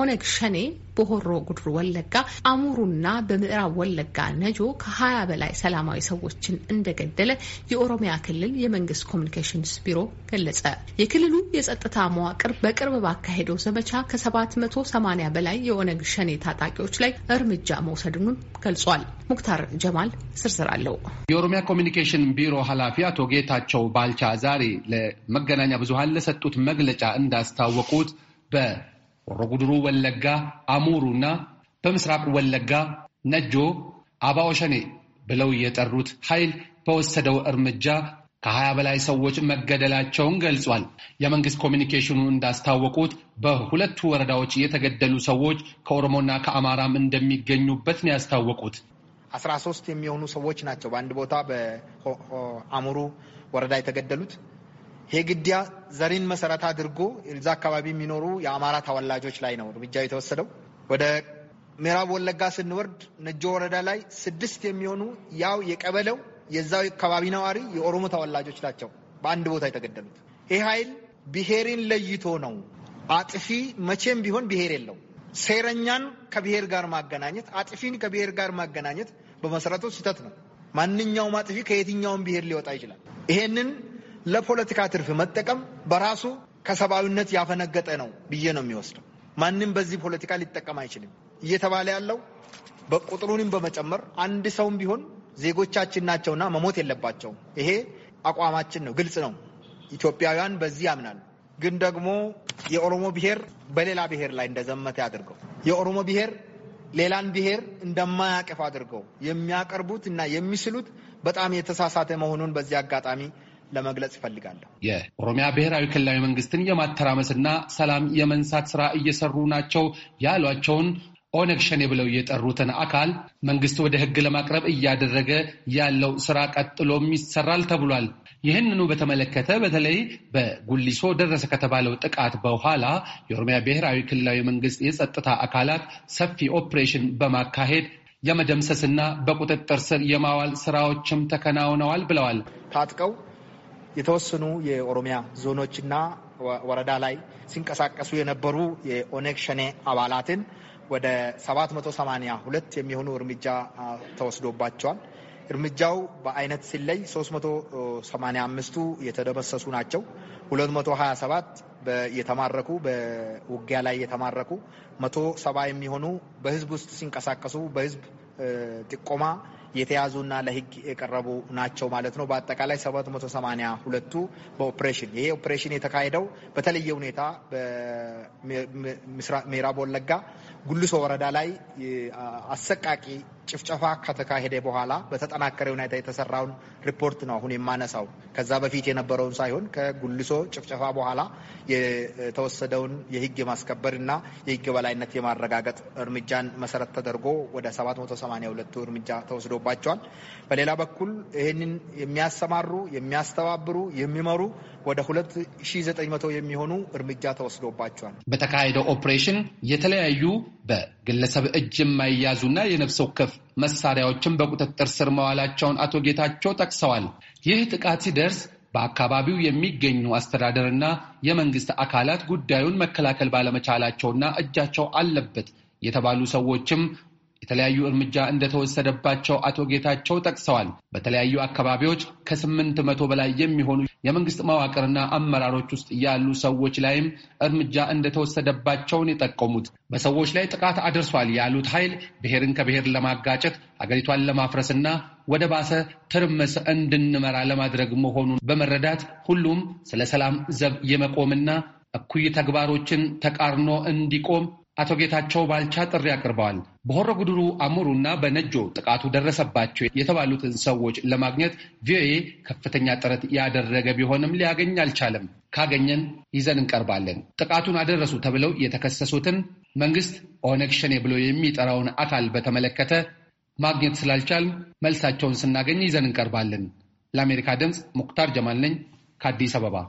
ኦነግ ሸኔ በሆሮ ጉድሩ ወለጋ፣ አሙሩና በምዕራብ ወለጋ ነጆ ከ20 በላይ ሰላማዊ ሰዎችን እንደገደለ የኦሮሚያ ክልል የመንግስት ኮሚኒኬሽንስ ቢሮ ገለጸ። የክልሉ የጸጥታ መዋቅር በቅርብ ባካሄደው ዘመቻ ከ780 በላይ የኦነግ ሸኔ ታጣቂዎች ላይ እርምጃ መውሰድኑን ገልጿል። ሙክታር ጀማል ዝርዝር አለው። የኦሮሚያ ኮሚኒኬሽን ቢሮ ኃላፊ አቶ ጌታቸው ባልቻ ዛሬ ለመገናኛ ብዙሀን ለሰጡት መግለጫ እንዳስታወቁት በ ሮጉድሩ ወለጋ አሙሩ እና በምስራቅ ወለጋ ነጆ አባኦሸኔ ብለው የጠሩት ኃይል በወሰደው እርምጃ ከሀያ በላይ ሰዎች መገደላቸውን ገልጿል። የመንግስት ኮሚኒኬሽኑ እንዳስታወቁት በሁለቱ ወረዳዎች የተገደሉ ሰዎች ከኦሮሞና ከአማራም እንደሚገኙበት ነው ያስታወቁት። አስራ ሶስት የሚሆኑ ሰዎች ናቸው በአንድ ቦታ በአሙሩ ወረዳ የተገደሉት የግድያ ዘሪን መሰረት አድርጎ እዛ አካባቢ የሚኖሩ የአማራ ተወላጆች ላይ ነው እርምጃ የተወሰደው። ወደ ምዕራብ ወለጋ ስንወርድ ነጆ ወረዳ ላይ ስድስት የሚሆኑ ያው የቀበለው የዛው አካባቢ ነዋሪ የኦሮሞ ተወላጆች ናቸው በአንድ ቦታ የተገደሉት። ይህ ኃይል ብሔርን ለይቶ ነው። አጥፊ መቼም ቢሆን ብሔር የለው። ሴረኛን ከብሔር ጋር ማገናኘት፣ አጥፊን ከብሔር ጋር ማገናኘት በመሰረቱ ስህተት ነው። ማንኛውም አጥፊ ከየትኛውም ብሔር ሊወጣ ይችላል። ይሄንን ለፖለቲካ ትርፍ መጠቀም በራሱ ከሰብአዊነት ያፈነገጠ ነው ብዬ ነው የሚወስደው። ማንም በዚህ ፖለቲካ ሊጠቀም አይችልም እየተባለ ያለው በቁጥሩንም በመጨመር አንድ ሰውም ቢሆን ዜጎቻችን ናቸውና መሞት የለባቸውም። ይሄ አቋማችን ነው፣ ግልጽ ነው። ኢትዮጵያውያን በዚህ ያምናል። ግን ደግሞ የኦሮሞ ብሔር በሌላ ብሔር ላይ እንደዘመተ አድርገው የኦሮሞ ብሔር ሌላን ብሔር እንደማያቅፍ አድርገው የሚያቀርቡት እና የሚስሉት በጣም የተሳሳተ መሆኑን በዚህ አጋጣሚ ለመግለጽ ይፈልጋለሁ። የኦሮሚያ ብሔራዊ ክልላዊ መንግስትን የማተራመስና ሰላም የመንሳት ስራ እየሰሩ ናቸው ያሏቸውን ኦነግ ሸኔ ብለው የጠሩትን አካል መንግስት ወደ ህግ ለማቅረብ እያደረገ ያለው ስራ ቀጥሎም ይሰራል ተብሏል። ይህንኑ በተመለከተ በተለይ በጉሊሶ ደረሰ ከተባለው ጥቃት በኋላ የኦሮሚያ ብሔራዊ ክልላዊ መንግስት የጸጥታ አካላት ሰፊ ኦፕሬሽን በማካሄድ የመደምሰስና በቁጥጥር ስር የማዋል ስራዎችም ተከናውነዋል ብለዋል። ታጥቀው የተወሰኑ የኦሮሚያ ዞኖችና ወረዳ ላይ ሲንቀሳቀሱ የነበሩ የኦነግ ሸኔ አባላትን ወደ 782 የሚሆኑ እርምጃ ተወስዶባቸዋል። እርምጃው በአይነት ሲለይ 385ቱ የተደመሰሱ ናቸው። 227 የተማረኩ በውጊያ ላይ የተማረኩ፣ መቶ የሚሆኑ በህዝብ ውስጥ ሲንቀሳቀሱ በህዝብ ጥቆማ የተያዙና ለህግ የቀረቡ ናቸው ማለት ነው። በአጠቃላይ 782ቱ በኦፕሬሽን ይሄ ኦፕሬሽን የተካሄደው በተለየ ሁኔታ በምዕራብ ወለጋ ጉልሶ ወረዳ ላይ አሰቃቂ ጭፍጨፋ ከተካሄደ በኋላ በተጠናከረ ሁኔታ የተሰራውን ሪፖርት ነው አሁን የማነሳው። ከዛ በፊት የነበረውን ሳይሆን ከጉልሶ ጭፍጨፋ በኋላ የተወሰደውን የህግ የማስከበር እና የህግ የበላይነት የማረጋገጥ እርምጃን መሰረት ተደርጎ ወደ 782 እርምጃ ተወስዶባቸዋል። በሌላ በኩል ይህንን የሚያሰማሩ የሚያስተባብሩ፣ የሚመሩ ወደ 2900 የሚሆኑ እርምጃ ተወስዶባቸዋል። በተካሄደው ኦፕሬሽን የተለያዩ በግለሰብ እጅ የማይያዙና የነፍስ ወከፍ መሳሪያዎችን በቁጥጥር ስር መዋላቸውን አቶ ጌታቸው ጠቅሰዋል። ይህ ጥቃት ሲደርስ በአካባቢው የሚገኙ አስተዳደርና የመንግስት አካላት ጉዳዩን መከላከል ባለመቻላቸውና እጃቸው አለበት የተባሉ ሰዎችም የተለያዩ እርምጃ እንደተወሰደባቸው አቶ ጌታቸው ጠቅሰዋል። በተለያዩ አካባቢዎች ከስምንት መቶ በላይ የሚሆኑ የመንግስት መዋቅርና አመራሮች ውስጥ ያሉ ሰዎች ላይም እርምጃ እንደተወሰደባቸውን የጠቀሙት በሰዎች ላይ ጥቃት አድርሷል ያሉት ኃይል ብሔርን ከብሔር ለማጋጨት አገሪቷን ለማፍረስና ወደ ባሰ ትርምስ እንድንመራ ለማድረግ መሆኑን በመረዳት ሁሉም ስለ ሰላም ዘብ የመቆምና እኩይ ተግባሮችን ተቃርኖ እንዲቆም አቶ ጌታቸው ባልቻ ጥሪ አቅርበዋል። በሆሮ ጉድሩ አሙሩ እና በነጆ ጥቃቱ ደረሰባቸው የተባሉትን ሰዎች ለማግኘት ቪኦኤ ከፍተኛ ጥረት ያደረገ ቢሆንም ሊያገኝ አልቻለም። ካገኘን ይዘን እንቀርባለን። ጥቃቱን አደረሱ ተብለው የተከሰሱትን መንግስት ኦነግ ሸኔ ብሎ የሚጠራውን አካል በተመለከተ ማግኘት ስላልቻል መልሳቸውን ስናገኝ ይዘን እንቀርባለን። ለአሜሪካ ድምፅ ሙክታር ጀማል ነኝ ከአዲስ አበባ።